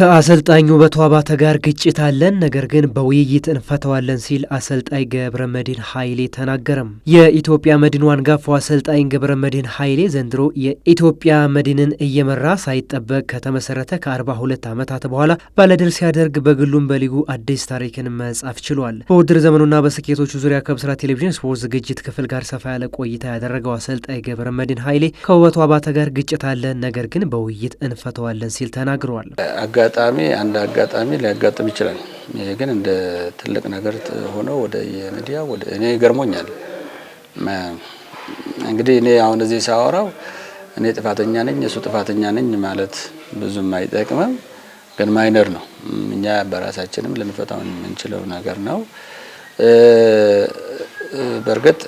ከአሰልጣኝ ውበቱ አባተ ጋር ግጭት አለን፣ ነገር ግን በውይይት እንፈተዋለን ሲል አሰልጣኝ ገብረ መድህን ኃይሌ ተናገረም። የኢትዮጵያ መድን አንጋፋው አሰልጣኝ ገብረ መድህን ኃይሌ ዘንድሮ የኢትዮጵያ መድንን እየመራ ሳይጠበቅ ከተመሰረተ ከ42 ዓመታት በኋላ ባለድል ሲያደርግ በግሉም በሊጉ አዲስ ታሪክን መጻፍ ችሏል። በውድድር ዘመኑና በስኬቶቹ ዙሪያ ከብስራ ቴሌቪዥን ስፖርት ዝግጅት ክፍል ጋር ሰፋ ያለ ቆይታ ያደረገው አሰልጣኝ ገብረ መድህን ኃይሌ ከውበቱ አባተ ጋር ግጭት አለን፣ ነገር ግን በውይይት እንፈተዋለን ሲል ተናግረዋል። አጋጣሚ አንድ አጋጣሚ ሊያጋጥም ይችላል። ይሄ ግን እንደ ትልቅ ነገር ሆኖ ወደ የሚዲያ ወደ እኔ ገርሞኛል። እንግዲህ እኔ አሁን እዚህ ሳወራው እኔ ጥፋተኛ ነኝ እሱ ጥፋተኛ ነኝ ማለት ብዙም አይጠቅምም። ግን ማይነር ነው፣ እኛ በራሳችንም ልንፈታው የምንችለው ነገር ነው። በእርግጥ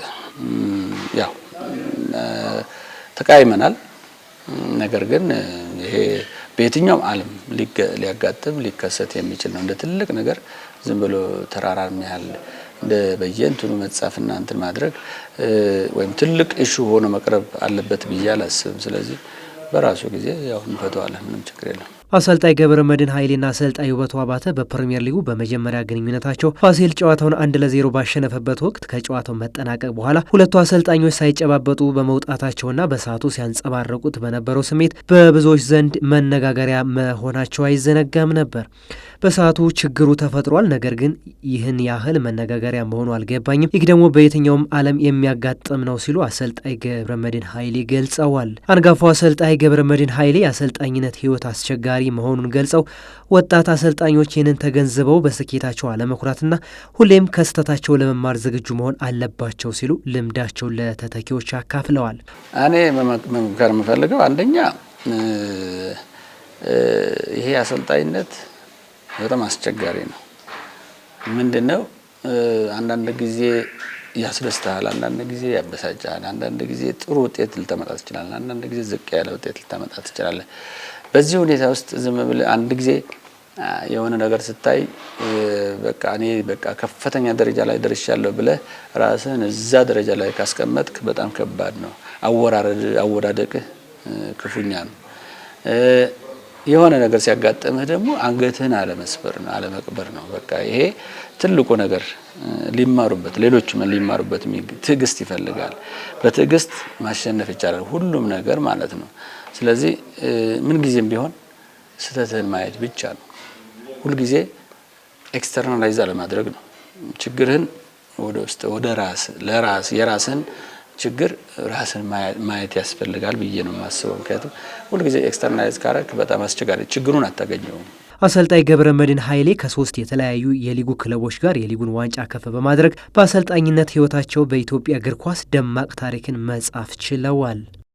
ያው ተቃይመናል። ነገር ግን ይሄ በየትኛውም ዓለም ሊያጋጥም ሊከሰት የሚችል ነው። እንደ ትልቅ ነገር ዝም ብሎ ተራራ ያል እንደ በየእንትኑ መጻፍና እንትን ማድረግ ወይም ትልቅ እሹ ሆኖ መቅረብ አለበት ብዬ አላስብም። ስለዚህ በራሱ ጊዜ ያው እንፈተዋለን፣ ምንም ችግር የለም። አሰልጣኝ ገብረ መድን ኃይሌና አሰልጣኝ ውበቱ አባተ በፕሪምየር ሊጉ በመጀመሪያ ግንኙነታቸው ፋሲል ጨዋታውን አንድ ለዜሮ ባሸነፈበት ወቅት ከጨዋታው መጠናቀቅ በኋላ ሁለቱ አሰልጣኞች ሳይጨባበጡ በመውጣታቸውና በሰዓቱ ሲያንጸባረቁት በነበረው ስሜት በብዙዎች ዘንድ መነጋገሪያ መሆናቸው አይዘነጋም ነበር። በሰዓቱ ችግሩ ተፈጥሯል፣ ነገር ግን ይህን ያህል መነጋገሪያ መሆኑ አልገባኝም። ይህ ደግሞ በየትኛውም ዓለም የሚያጋጥም ነው ሲሉ አሰልጣኝ ገብረ መድን ኃይሌ ገልጸዋል። አንጋፋው አሰልጣኝ ገብረ መድን ኃይሌ የአሰልጣኝነት ህይወት አስቸጋሪ ተጨማሪ መሆኑን ገልጸው ወጣት አሰልጣኞች ይህንን ተገንዝበው በስኬታቸው አለመኩራትና ሁሌም ከስህተታቸው ለመማር ዝግጁ መሆን አለባቸው ሲሉ ልምዳቸውን ለተተኪዎች አካፍለዋል። እኔ መምከር የምፈልገው አንደኛ ይሄ አሰልጣኝነት በጣም አስቸጋሪ ነው። ምንድን ነው አንዳንድ ጊዜ ያስደስታል፣ አንዳንድ ጊዜ ያበሳጫል፣ አንዳንድ ጊዜ ጥሩ ውጤት ልተመጣ ትችላለህ፣ አንዳንድ ጊዜ ዝቅ ያለ ውጤት ልተመጣ ትችላለህ። በዚህ ሁኔታ ውስጥ ዝም ብለህ አንድ ጊዜ የሆነ ነገር ስታይ በቃ እኔ በቃ ከፍተኛ ደረጃ ላይ ደርሻለሁ ብለህ ራስህን እዛ ደረጃ ላይ ካስቀመጥክ በጣም ከባድ ነው። አወራረድ አወዳደቅህ ክፉኛ ነው። የሆነ ነገር ሲያጋጥምህ ደግሞ አንገትህን አለመስበር ነው አለመቅበር ነው። በቃ ይሄ ትልቁ ነገር ሊማሩበት ምን ሊማሩበት ትዕግስት ይፈልጋል። በትዕግስት ማሸነፍ ይቻላል ሁሉም ነገር ማለት ነው። ስለዚህ ምንጊዜም ቢሆን ስህተትህን ማየት ብቻ ነው። ሁልጊዜ ኤክስተርናላይዝ አለማድረግ ነው። ችግርህን ወደ ውስጥ ወደ ራስ ለራስ የራስን ችግር ራስን ማየት ያስፈልጋል ብዬ ነው የማስበው። ምክንያቱም ሁልጊዜ ኤክስተርናይዝ ካረክ በጣም አስቸጋሪ ችግሩን አታገኘውም። አሰልጣኝ ገብረ መድን ኃይሌ ከሶስት የተለያዩ የሊጉ ክለቦች ጋር የሊጉን ዋንጫ ከፍ በማድረግ በአሰልጣኝነት ህይወታቸው በኢትዮጵያ እግር ኳስ ደማቅ ታሪክን መጻፍ ችለዋል።